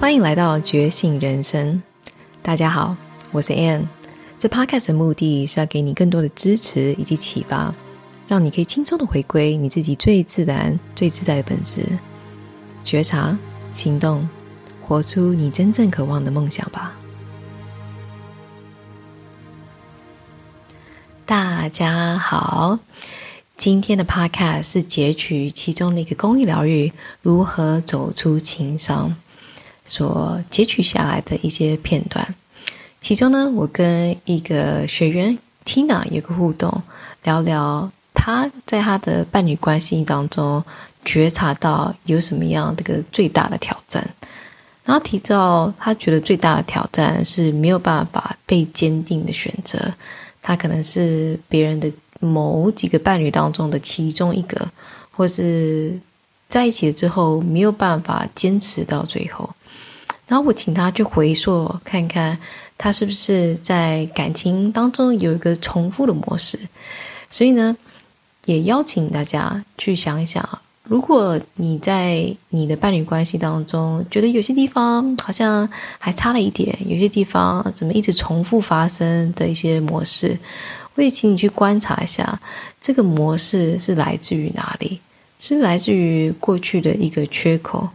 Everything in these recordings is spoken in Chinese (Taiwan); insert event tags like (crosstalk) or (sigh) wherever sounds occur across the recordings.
歡迎來到覺醒人生，大家好，我是 Ann。這 Podcast 的目的是要給你更多的支持以及啟發，讓你可以輕鬆的回歸你自己最自然、最自在的本質，覺察、行動，活出你真正渴望的夢想吧。大家好，今天的 Podcast 是截取其中的一個公益療癒：如何走出情傷。所截取下來的一些片段，其中呢，我跟一個學員 Tina 有個互動，聊聊她在她的伴侶關係當中覺察到有什麼樣的一個最大的挑戰。然後提到她覺得最大的挑戰是沒有辦法被堅定的選擇，她可能是別人的某幾個伴侶當中的其中一個，或是在一起了之後沒有辦法堅持到最後。然後我請他去回溯，看看他是不是在感情當中有一個重複的模式。所以呢，也邀請大家去想一想：如果你在你的伴侶關係當中，覺得有些地方好像還差了一點，有些地方怎麼一直重複發生的一些模式，我也請你去觀察一下，這個模式是來自於哪裡？是不是來自於過去的一個缺口？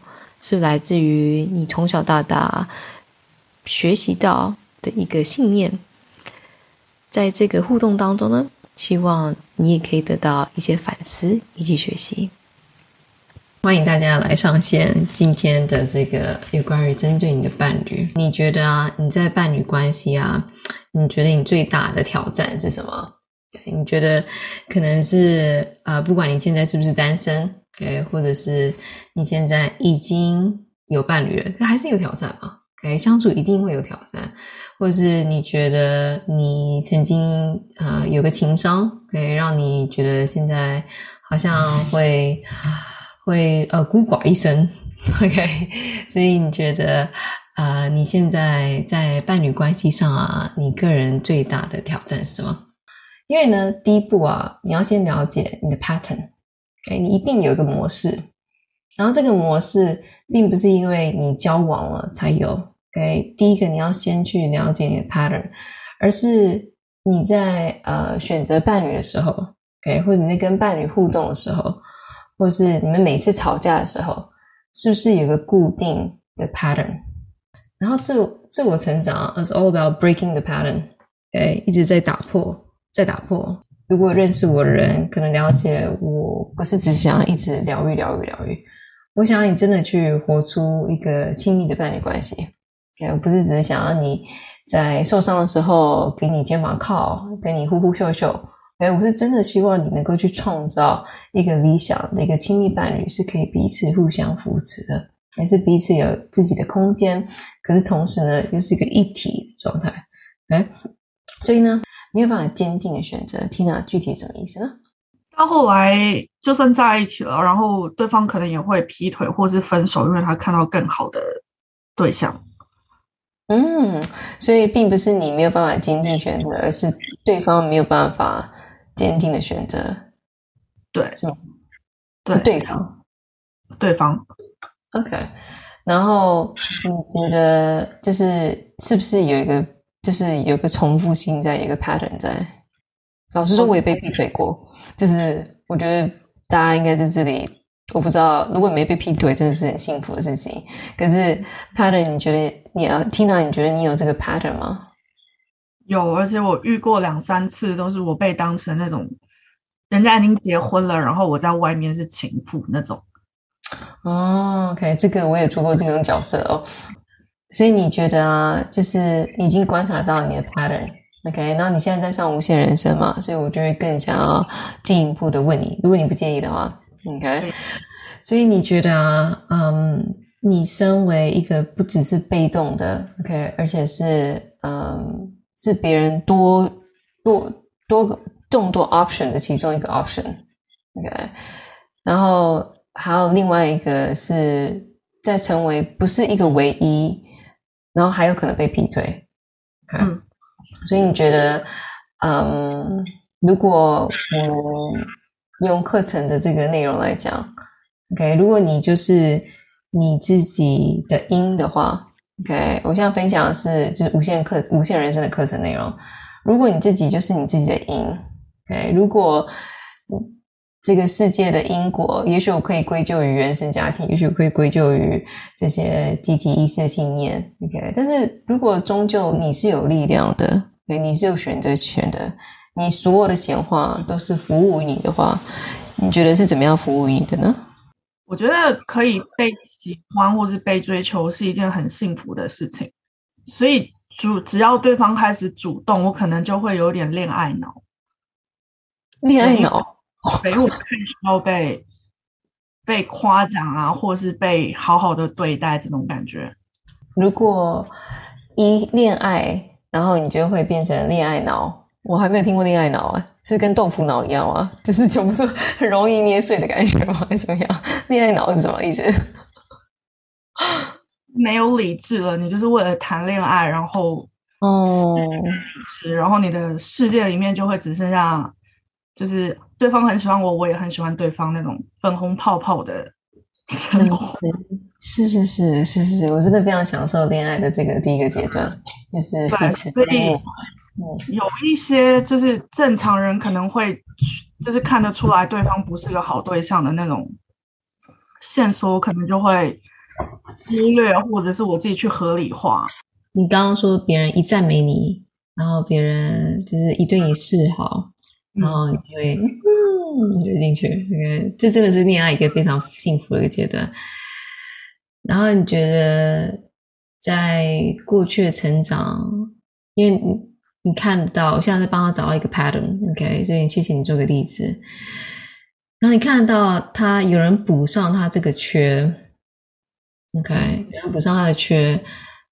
是來自於你從小到大學習到的一個信念。在這個互動當中呢，希望你也可以得到一些反思，一起學習。歡迎大家來上線今天的這個有關於針對你的伴侶，你覺得啊，你在伴侶關係啊，你覺得你最大的挑戰是什麼？你覺得可能是呃，不管你現在是不是單身，OK，或者是你現在已經有伴侶了，還是有挑戰嘛？OK，相處一定會有挑戰，或者是你覺得你曾經呃有個情傷，可以，okay? 讓你覺得現在好像會會呃孤寡一生？OK，所以你覺得呃你現在在伴侶關係上啊，你個人最大的挑戰是什麼？因為呢，第一步啊，你要先了解你的 pattern，okay? 你一定有一個模式。然後這個模式並不是因為你交往了才有，okay? 第一個你要先去了解你的 pattern，而是你在呃選擇伴侶的時候，okay? 或者你在跟伴侶互動的時候，或是你們每次吵架的時候，是不是有個固定的 pattern？然後自我自我成長 is all about breaking the pattern，okay? 一直在打破。再打破。如果認識我的人，可能了解我不是只想一直療癒、療癒、療癒。我想要你真的去活出一個親密的伴侶關係，哎，我不是只是想要你在受傷的時候給你肩膀靠，給你呼呼秀秀。哎，我是真的希望你能夠去創造一個理想的一個親密伴侶，是可以彼此互相扶持的，也是彼此有自己的空間。可是同時呢，又是一個一體的狀態。哎，所以呢。沒有辦法堅定的選擇，Tina 具體什麼意思呢？到、啊、後來就算在一起了，然後對方可能也會劈腿，或是分手，因為他看到更好的對象。嗯，所以並不是你沒有辦法堅定選擇，而是對方沒有辦法堅定的選擇。對，是嗎？對對方，對方。OK，然後你覺得就是是不是有一個？就是有個重複性在，在一個 pattern 在。老實說，我也被劈腿過。就是我覺得大家應該在這裡，我不知道，如果沒被劈腿，真的是很幸福的事情。可是 pattern，你覺得你啊，Tina，你覺得你有這個 pattern 嗎？有，而且我遇過兩三次，都是我被當成那種人家已經結婚了，然後我在外面是情婦那種。哦，OK，這個我也做過這種角色哦。所以你覺得啊，就是你已經觀察到你的 pattern，OK，、okay? 然後你現在在上無限人生嘛，所以我就會更想要進一步的問你，如果你不介意的話，OK。所以你覺得啊，嗯，你身為一個不只是被動的，OK，而且是嗯，是別人多多多個眾多 option 的其中一個 option，OK，、okay? 然後還有另外一個是在成為不是一個唯一。然後還有可能被劈腿，okay? 嗯、所以你覺得，嗯，如果我用課程的這個內容來講，OK，如果你就是你自己的音的話，OK，我現在分享的是就是無限課，無限人生的課程內容，如果你自己就是你自己的音，OK，如果嗯。這個世界的因果，也許我可以歸咎於原生家庭，也許我可以歸咎於這些集體意識的信念。OK，但是如果終究你是有力量的，對、okay？你是有選擇權的，你所有的閒話都是服務於你的話，你覺得是怎麼樣服務於你的呢？我覺得可以被喜歡或是被追求是一件很幸福的事情，所以主只要對方開始主動，我可能就會有點戀愛腦，戀愛腦。所以 (laughs) 我看，然後被被誇獎啊，或是被好好的對待這種感覺。如果一戀愛，然後你就會變成戀愛腦。我還沒有聽過戀愛腦啊，是跟豆腐腦一樣啊，就是怎麼說，很容易捏碎的感覺嗎？還是怎麼樣？戀愛腦是什麼意思？沒有理智了，你就是為了談戀愛，然後哦，嗯、然後你的世界裡面就會只剩下。就是對方很喜歡我，我也很喜歡對方那種粉紅泡泡的生活。嗯、是是是是是，是，是，我真的非常享受戀愛的這個第一個階段，就是一、對，所以，嗯、有一些就是正常人可能會，就是看得出來對方不是一個好對象的那種線索，可能就會忽略，或者是我自己去合理化。你剛剛說別人一讚美你，然後別人就是一對你示好。然後你會、嗯、你就進去，OK，這真的是戀愛一個非常幸福的一個階段。然後你覺得在過去的成長，因為你你看到，我現在在幫他找到一個 pattern，OK，okay? 所以謝謝你做個例子。然後你看到他有人補上他這個缺，OK，有人、嗯、補上他的缺，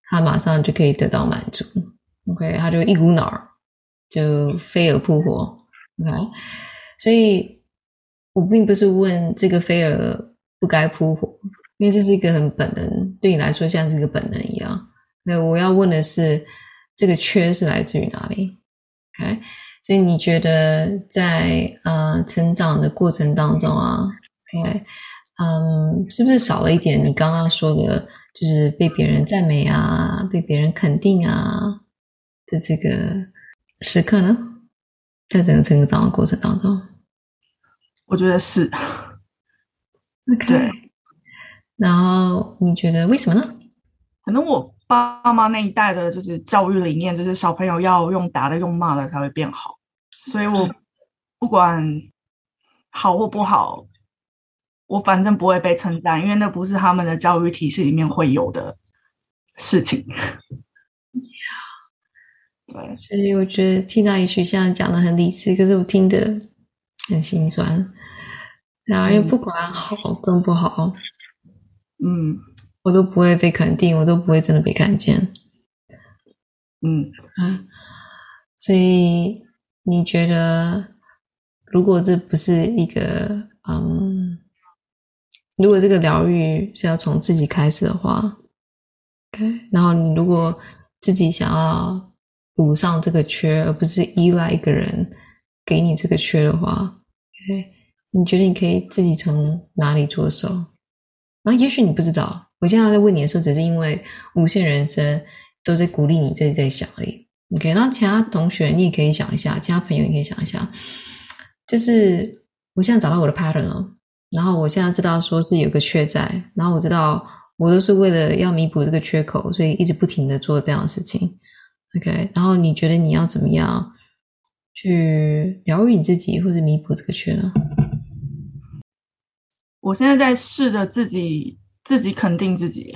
他馬上就可以得到滿足，OK，他就一股腦兒就飛蛾撲火。OK，所以我並不是問這個飛蛾不該撲火，因為這是一個很本能，對你來說像是一個本能一樣。那我要問的是，這個缺是來自於哪裡？OK，所以你覺得在呃成長的過程當中啊，OK，嗯，是不是少了一點你剛剛說的，就是被別人讚美啊，被別人肯定啊的這個時刻呢？在整個整個成長的過程當中，我覺得是，那 Okay. 對。然後你覺得為什麼呢？可能我爸媽那一代的就是教育理念，就是小朋友要用打的、用罵的才會變好。所以我不管好或不好，我反正不會被稱讚，因為那不是他們的教育體系裡面會有的事情。所以我覺得聽到一句，像在講得很理智，可是我聽得很心酸。然後又不管好跟不好，嗯，嗯我都不會被肯定，我都不會真的被看見。嗯、啊、所以你覺得，如果這不是一個嗯，如果這個療癒是要從自己開始的話，對、okay？然後你如果自己想要。補上這個缺，而不是依賴一個人給你這個缺的話，OK？你覺得你可以自己從哪裡着手？然後也許你不知道，我現在在問你的時候，只是因為無限人生都在鼓勵你自己在想而已，OK？那其他同學，你也可以想一下；其他朋友，你可以想一下。就是我現在找到我的 pattern 了，然後我現在知道說是有個缺在，然後我知道我都是為了要彌補這個缺口，所以一直不停地做這樣的事情。OK，然後你覺得你要怎麼樣去療癒你自己，或者彌補這個缺呢？我現在在試着自己自己肯定自己，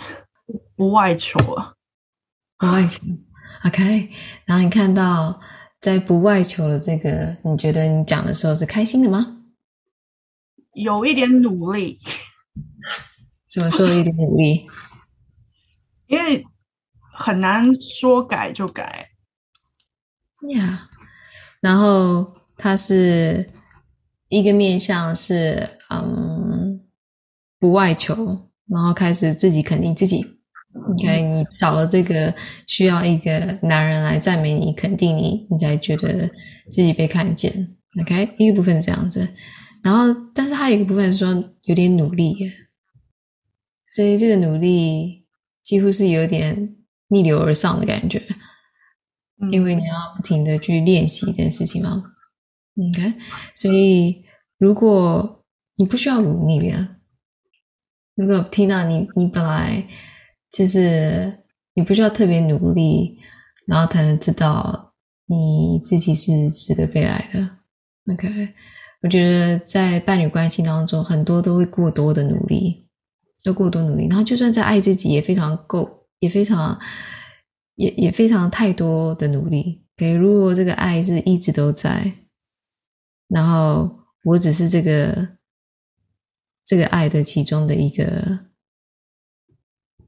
不外求了，不外求。OK，然後你看到在不外求的這個，你覺得你講的時候是開心的嗎？有一點努力，怎麼說有一點努力， (laughs) 因為。很難說改就改呀。Yeah. 然後他是一個面向是嗯、um, 不外求，然後開始自己肯定自己。OK。Okay。你少了這個需要一個男人來讚美你、肯定你，你才覺得自己被看見。OK，一個部分是這樣子。然後，但是他有一個部分是說有點努力耶，所以這個努力幾乎是有點。逆流而上的感覺，因為你要不停的去練習一件事情嘛。嗯、OK，所以如果你不需要努力的呀，如果 Tina，你你本來就是你不需要特別努力，然後才能知道你自己是值得被愛的。OK，我覺得在伴侶關係當中，很多都會過多的努力，都過多努力，然後就算在愛自己也非常夠。也非常，也也非常太多的努力。OK，如果這個愛是一直都在，然後我只是這個這個愛的其中的一個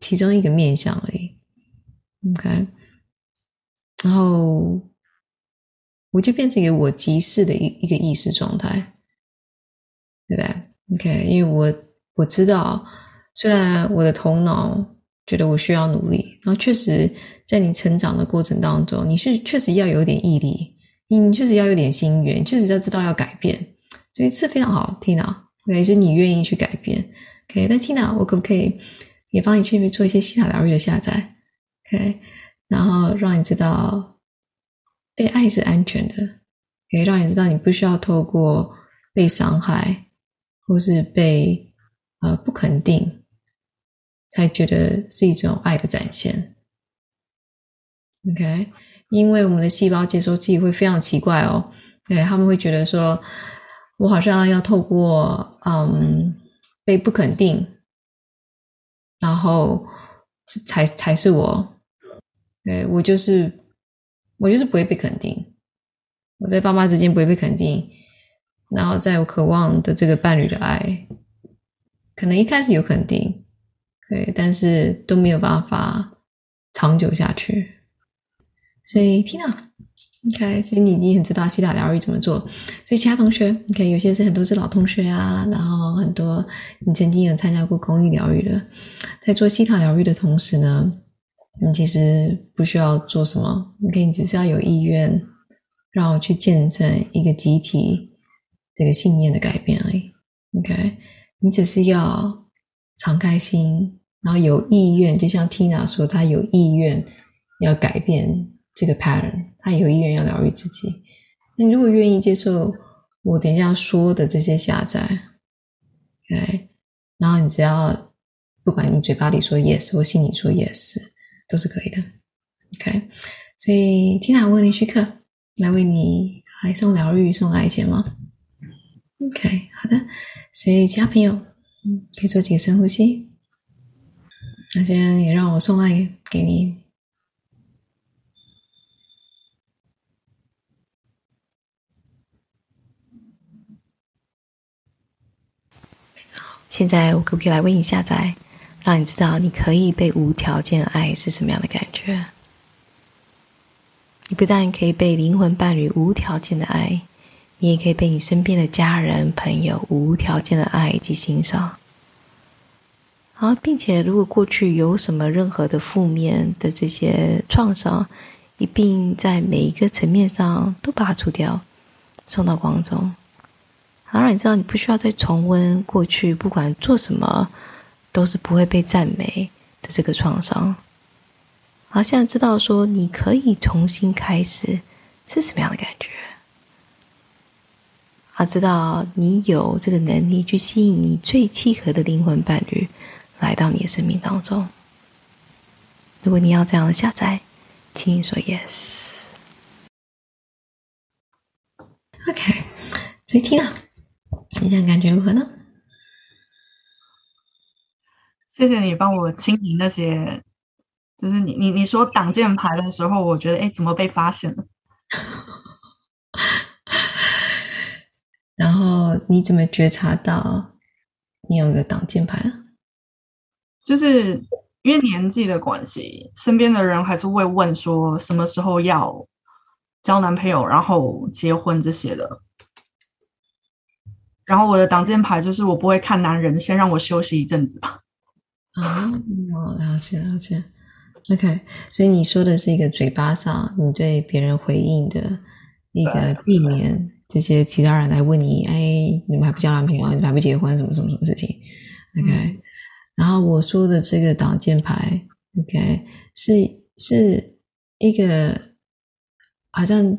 其中一個面向而已。OK，然後我就變成一個我即是的一一個意識狀態，對不對？OK，因為我我知道，雖然我的頭腦。覺得我需要努力，然後確實在你成長的過程當中，你是確實要有點毅力，你確實要有點心願，你確實要知道要改變，所以這非常好，Tina，OK，就是你願意去改變。OK，那 Tina，我可不可以也幫你去做一些西塔療癒的下載？OK，然後讓你知道被愛是安全的，OK？可以讓你知道你不需要透過被傷害或是被呃不肯定。才覺得是一種愛的展現，OK？因為我們的細胞接收器會非常奇怪哦，對，他們會覺得說，我好像要透過嗯被不肯定，然後才才是我，對，okay？我就是我就是不會被肯定，我在爸媽之間不會被肯定，然後在我渴望的這個伴侶的愛，可能一開始有肯定。對，但是都沒有辦法長久下去，所以 Tina，你看，okay, 所以你已經很知道西塔療癒怎麼做。所以其他同學，你看，有些是很多是老同學啊，然後很多你曾經有參加過公益療癒的，在做西塔療癒的同時呢，你其實不需要做什麼，OK，你只是要有意願，讓我去見證一個集體這個信念的改變而已。OK，你只是要。常開心，然後有意願，就像 Tina 說，她有意願要改變這個 pattern，她有意願要療癒自己。那你如果願意接受我等一下說的這些下載，OK，然後你只要不管你嘴巴裡說 yes，或心裡說 yes，都是可以的，OK。所以 Tina，我問你去克來為你還送療癒，送來一些嗎？OK，好的。所以其他朋友。可以做幾個深呼吸，那、啊、先也讓我送愛給你。現在我可不可以來為你下載，讓你知道你可以被無條件愛是什麼樣的感覺？你不但可以被靈魂伴侶無條件的愛。你也可以被你身邊的家人、朋友無條件的愛以及欣賞。好，並且如果過去有什麼任何的負面的這些創傷，一併在每一個層面上都拔除掉，送到光中。好，讓你知道你不需要再重溫過去，不管做什麼都是不會被讚美的這個創傷。好，現在知道說你可以重新開始是什麼樣的感覺？他知道你有這個能力去吸引你最契合的靈魂伴侶來到你的生命當中。如果你要這樣下載，請你說 yes。OK，所以 Tina，現在感覺如何呢？謝謝你幫我清理那些，就是你你你說擋箭牌的時候，我覺得誒，怎麼被發現了？ (laughs) 你怎麼覺察到你有個擋箭牌啊？就是因為年紀的關係，身邊的人還是會問說什麼時候要交男朋友，然後結婚這些的。然後我的擋箭牌就是我不會看男人，先讓我休息一陣子吧。啊、哦，我了解了，了解。OK，所以你說的是一個嘴巴上，你對別人回應的一個避免。這些其他人來問你，哎，你們還不交男朋友、啊，你們還不結婚，什麼什麼什麼事情？OK，然後我說的這個擋箭牌，OK，是是一個好像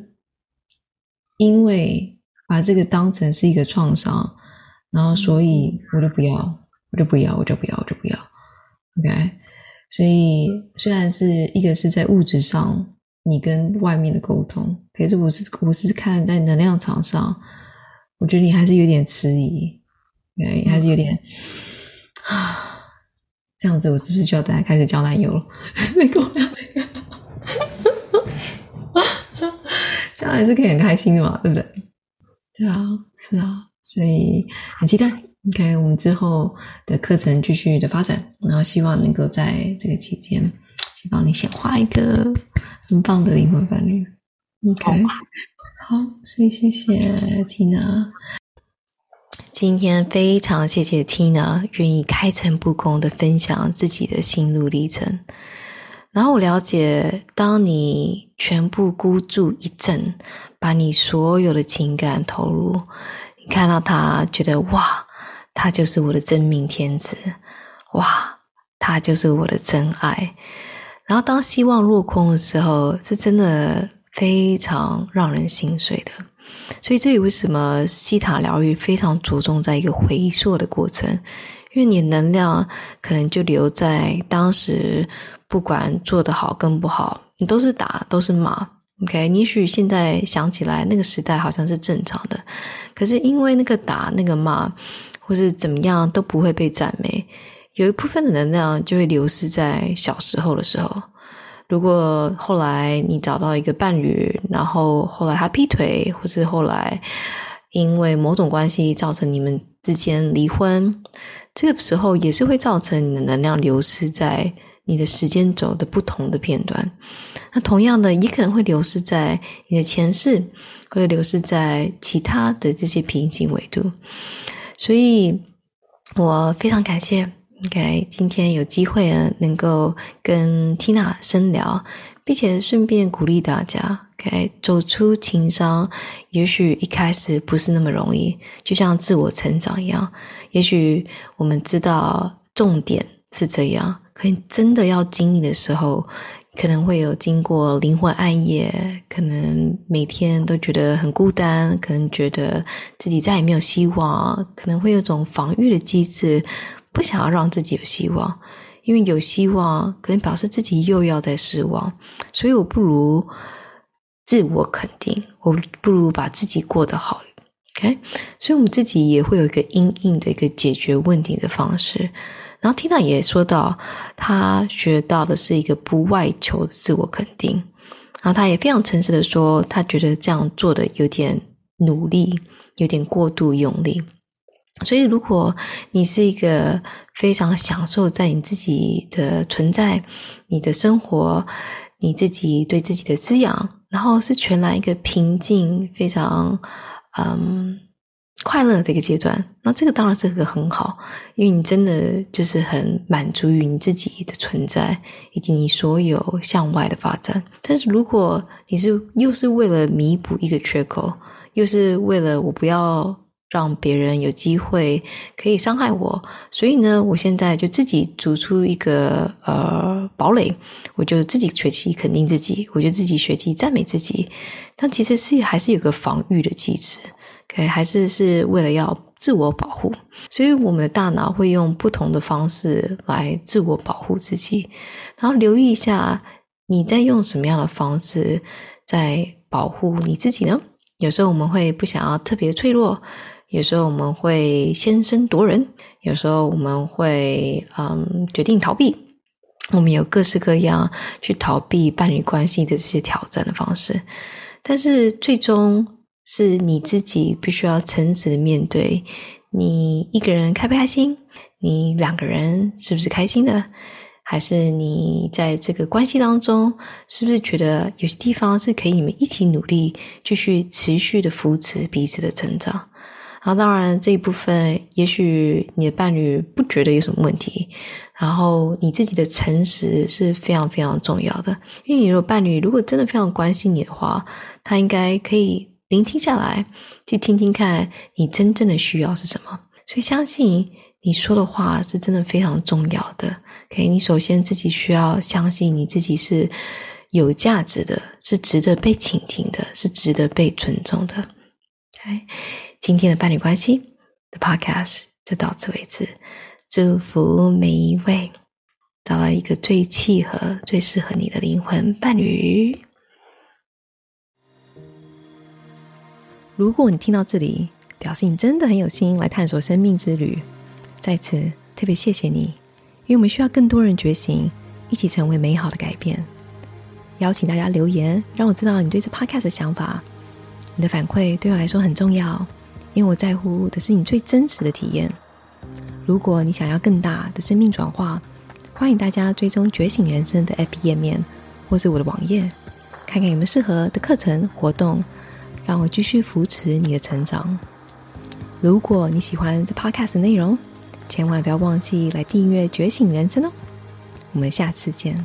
因為把這個當成是一個創傷，然後所以我就不要，我就不要，我就不要，我就不要，我就不要，OK。所以雖然是一個是在物質上。你跟外面的溝通，可是我是我是看在能量場上，我覺得你還是有點遲疑，對，還是有點 Okay. 啊，這樣子我是不是就要大家開始交男友了？你跟我講，這樣還是可以很開心的嘛，對不對？對啊，是啊，所以很期待。OK，我們之後的課程繼續的發展，然後希望能夠在這個期間，去幫你顯化一個。很棒的靈魂伴侶，OK，好，吧好，所以謝謝 Tina，今天非常謝謝 Tina 願意開誠佈公的分享自己的心路歷程。然後我了解，當你全部孤注一擲，把你所有的情感投入，你看到他，覺得哇，他就是我的真命天子，哇，他就是我的真愛。然後，當希望落空的時候，是真的非常讓人心碎的。所以，這也為什麼西塔療癒非常着重在一個回溯的過程，因為你能量可能就留在當時，不管做得好跟不好，你都是打，都是罵。OK，你也許現在想起來，那個時代好像是正常的，可是因為那個打、那個罵，或是怎麼樣，都不會被讚美。有一部分的能量就會流失在小時候的時候。如果後來你找到一個伴侶，然後後來他劈腿，或是後來因為某種關係造成你們之間離婚，這個時候也是會造成你的能量流失在你的時間軸的不同的片段。那同樣的，也可能會流失在你的前世，或者流失在其他的這些平行維度。所以我非常感謝。OK，今天有機會啊，能夠跟 Tina 深聊，並且順便鼓勵大家，OK，走出情傷，也許一開始不是那麼容易，就像自我成長一樣，也許我們知道重點是這樣，可能真的要經歷的時候，可能會有經過靈魂暗夜，可能每天都覺得很孤單，可能覺得自己再也沒有希望，可能會有種防御的機制。不想要讓自己有希望，因為有希望可能表示自己又要再失望，所以我不如自我肯定，我不如把自己過得好，OK？所以我們自己也會有一個因應的一個解決問題的方式。然後 Tina 也說到，她學到的是一個不外求的自我肯定。然後她也非常誠實的說，她覺得這樣做的有點努力，有點過度用力。所以，如果你是一個非常享受在你自己的存在、你的生活、你自己對自己的滋養，然後是全然一個平靜、非常嗯快樂的一個階段，那這個當然是個很好，因為你真的就是很滿足於你自己的存在以及你所有向外的發展。但是，如果你是又是為了彌補一個缺口，又是為了我不要。讓別人有機會可以傷害我，所以呢，我現在就自己築出一個呃堡壘，我就自己學習肯定自己，我就自己學習讚美自己，但其實是還是有個防禦的機制可以、okay? 還是是為了要自我保護。所以我們的大腦會用不同的方式來自我保護自己，然後留意一下你在用什麼樣的方式在保護你自己呢？有時候我們會不想要特別脆弱。有時候我們會先聲奪人，有時候我們會嗯決定逃避，我們有各式各樣去逃避伴侶關係的這些挑戰的方式。但是最終是你自己必須要誠實的面對：你一個人開不開心？你兩個人是不是開心的？還是你在這個關係當中，是不是覺得有些地方是可以你們一起努力，繼續持續的扶持彼此的成長？那當然，這一部分也許你的伴侶不覺得有什麼問題。然後你自己的誠實是非常非常重要的，因為你如果伴侶如果真的非常關心你的話，他應該可以聆聽下來，去聽聽看你真正的需要是什麼。所以相信你說的話是真的非常重要的。OK，你首先自己需要相信你自己是有價值的，是值得被傾聽的，是值得被尊重的。哎，okay? 今天的伴侶關係 The Podcast 就到此為止。祝福每一位找到一個最契合、最適合你的靈魂伴侶。如果你聽到這裡，表示你真的很有心來探索生命之旅，在此特別謝謝你，因為我們需要更多人覺醒，一起成為美好的改變。邀請大家留言，讓我知道你對這 podcast 的想法。你的反饋對我來說很重要。因為我在乎的是你最真實的體驗。如果你想要更大的生命轉化，歡迎大家追蹤“覺醒人生”的 APP 頁面，或是我的網頁，看看有沒有適合的課程活動，讓我繼續扶持你的成長。如果你喜歡這 Podcast 的內容，千萬不要忘記來訂閱“覺醒人生”哦。我們下次見。